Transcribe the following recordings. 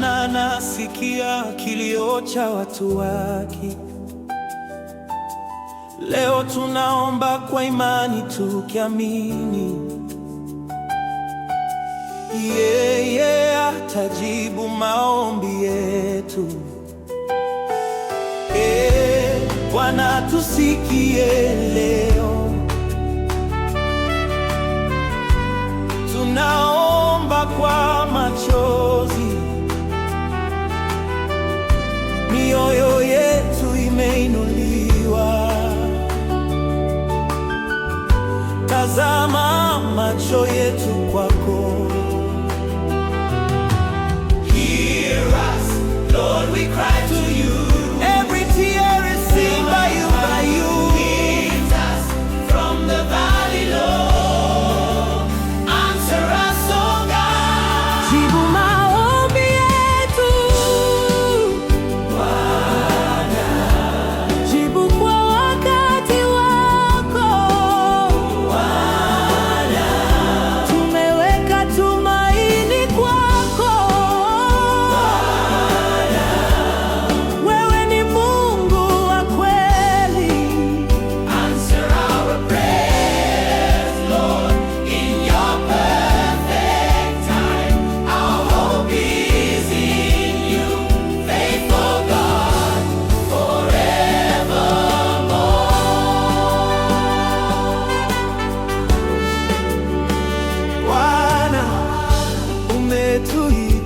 Bwana nasikia kilio cha watu wake. Leo tunaomba kwa imani tukiamini yeye atajibu maombi yetu. E Bwana tusikie leo, tunaomba kwa macho umeinuliwa. Tazama macho yetu kwako.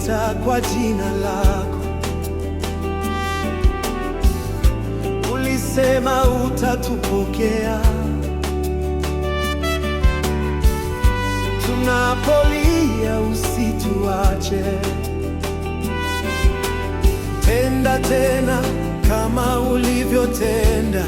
kuniita kwa jina lako, ulisema utatupokea tunapolia, usituache. Tenda tena kama ulivyotenda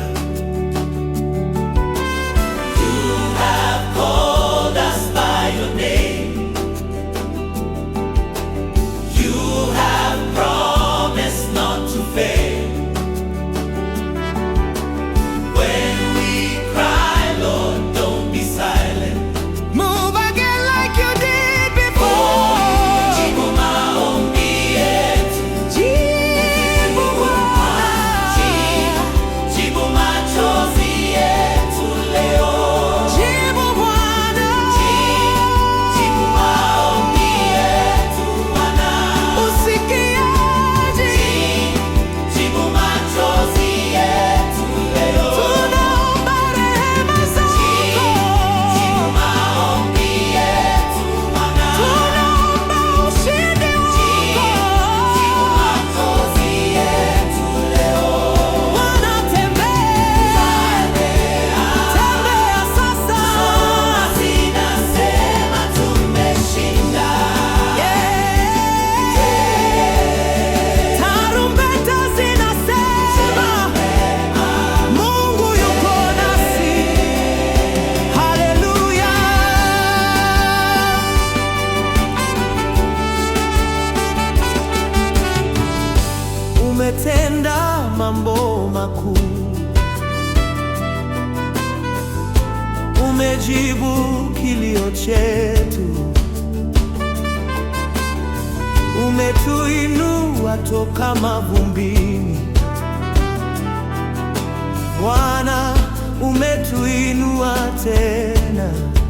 umetenda mambo makuu, umejibu kilio chetu, umetuinua toka mavumbini. Bwana, umetuinua tena.